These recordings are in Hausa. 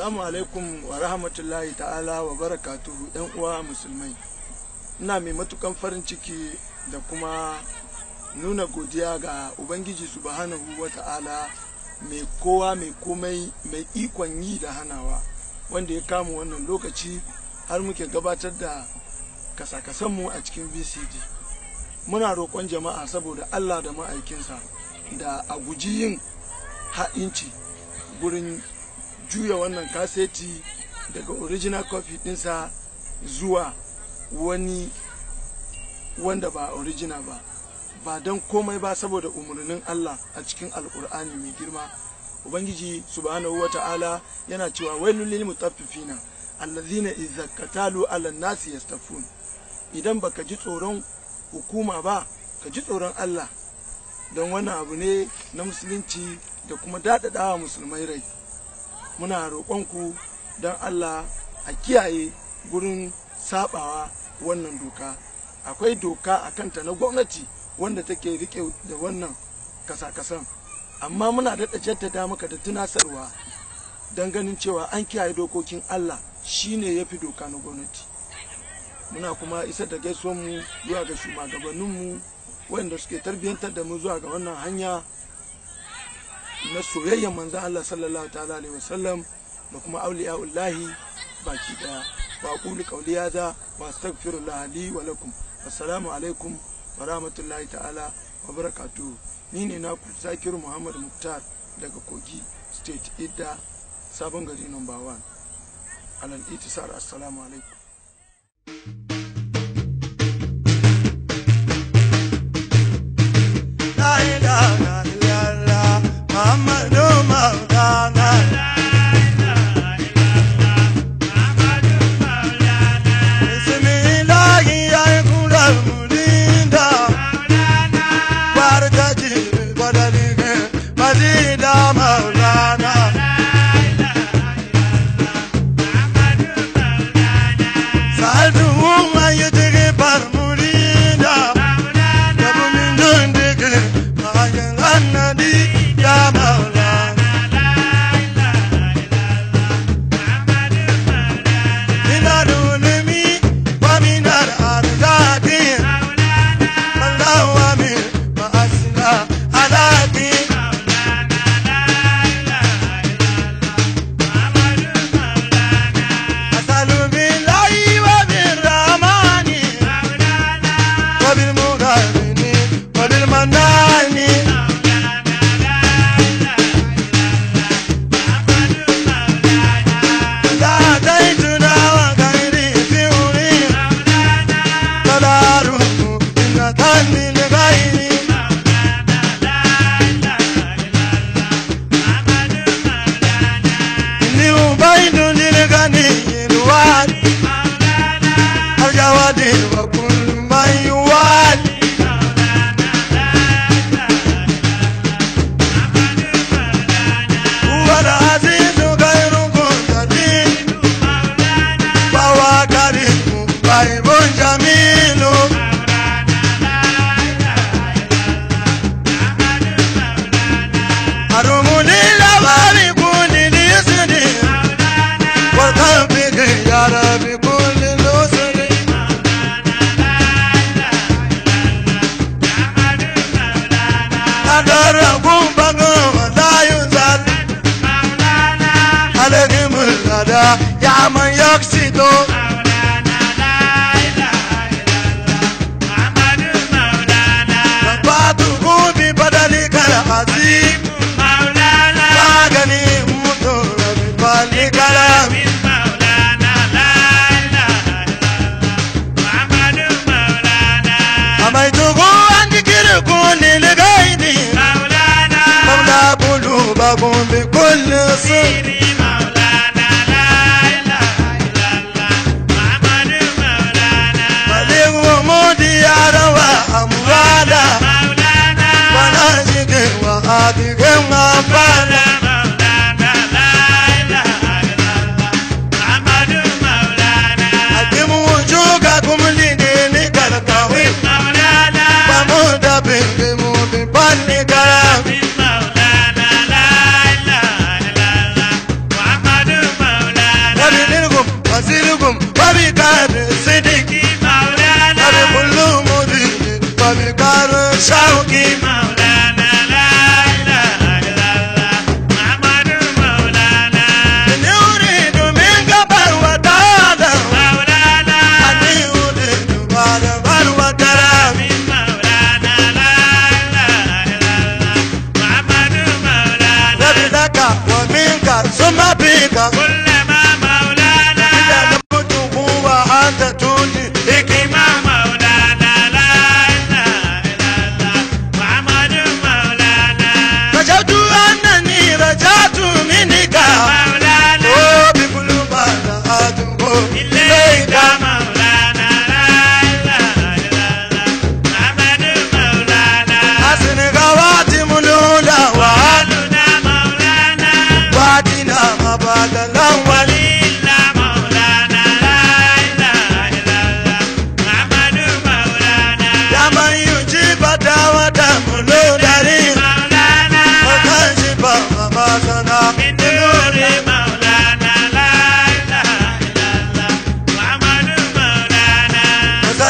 Assalamu alaikum wa rahmatullahi ta'ala wa barakatuhu ‘yan uwa musulmai. Ina mai matukan farin ciki da kuma nuna godiya ga Ubangiji subhanahu wa ta'ala mai kowa mai komai mai ikon yi da hanawa wanda ya kama wannan lokaci har muke gabatar da kasakasanmu a cikin VCD. Muna roƙon jama'a saboda Allah da ma'aikinsa da a guji yin ha'inci gurin juya wannan kaseti daga original copy dinsa zuwa wani wanda ba original ba ba don komai ba saboda umarnin Allah a cikin alkur'ani mai girma ubangiji subhanahu ta'ala yana cewa wai wailul mu mutaffifina allazina idza qatalu ala nasi yastafun idan baka ji tsoron hukuma ba ka ji tsoron Allah don wani abu ne na musulunci da kuma daɗaɗawa musulmai rai muna roƙonku don allah a kiyaye gurin sabawa wannan doka akwai doka a kanta na gwamnati wanda take rike da wannan kasa-kasan amma muna da jaddada maka da tunasarwa don ganin cewa an kiyaye dokokin allah shine ya fi doka na gwamnati muna kuma isa da mu zuwa ga shugabanninmu wanda suke tarbiyyantar da mu zuwa ga wannan hanya na soyayyar manzon Allah sallallahu ta'ala alaihi wasallam da kuma auliya'ullahi baki daya wa qulu qawli hadha wa astaghfirullah li wa lakum assalamu alaikum wa rahmatullahi ta'ala wa barakatuhu ni ne na Zakiru Muhammad Muktar daga Kogi State Idda sabon gari number 1 alal itisar assalamu alaikum lọ. باب بكل صدق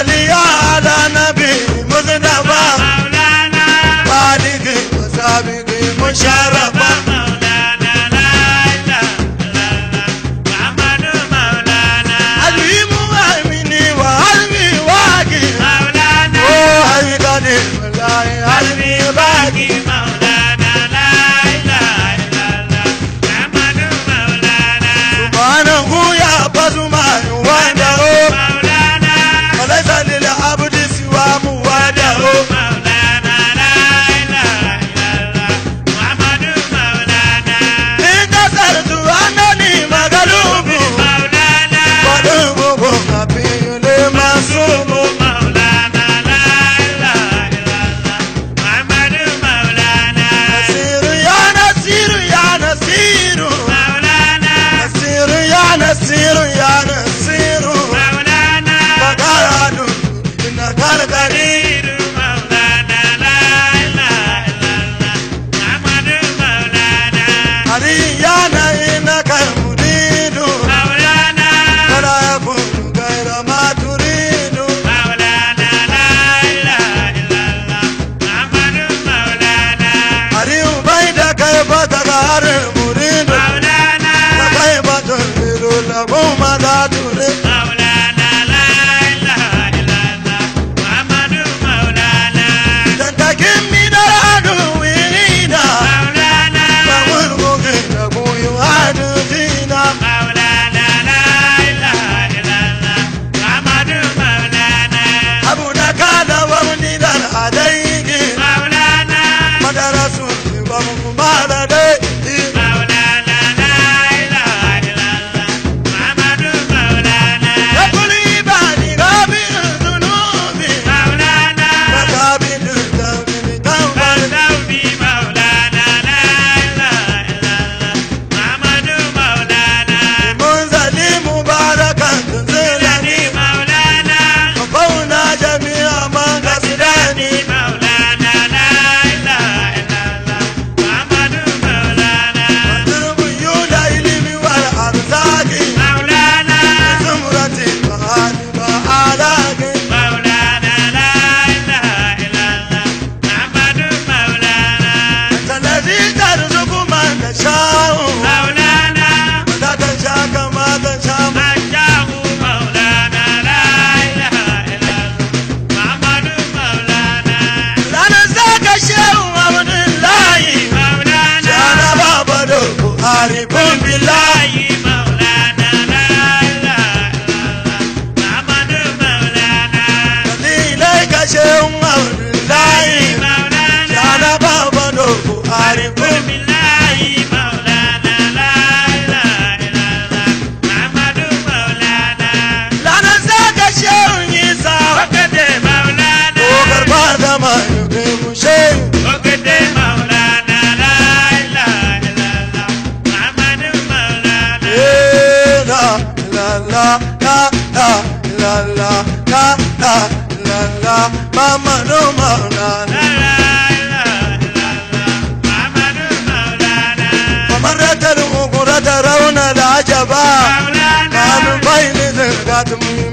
Hallelujah don't. ራውና ላጀባ ማኑ ባይን ዘንጋትም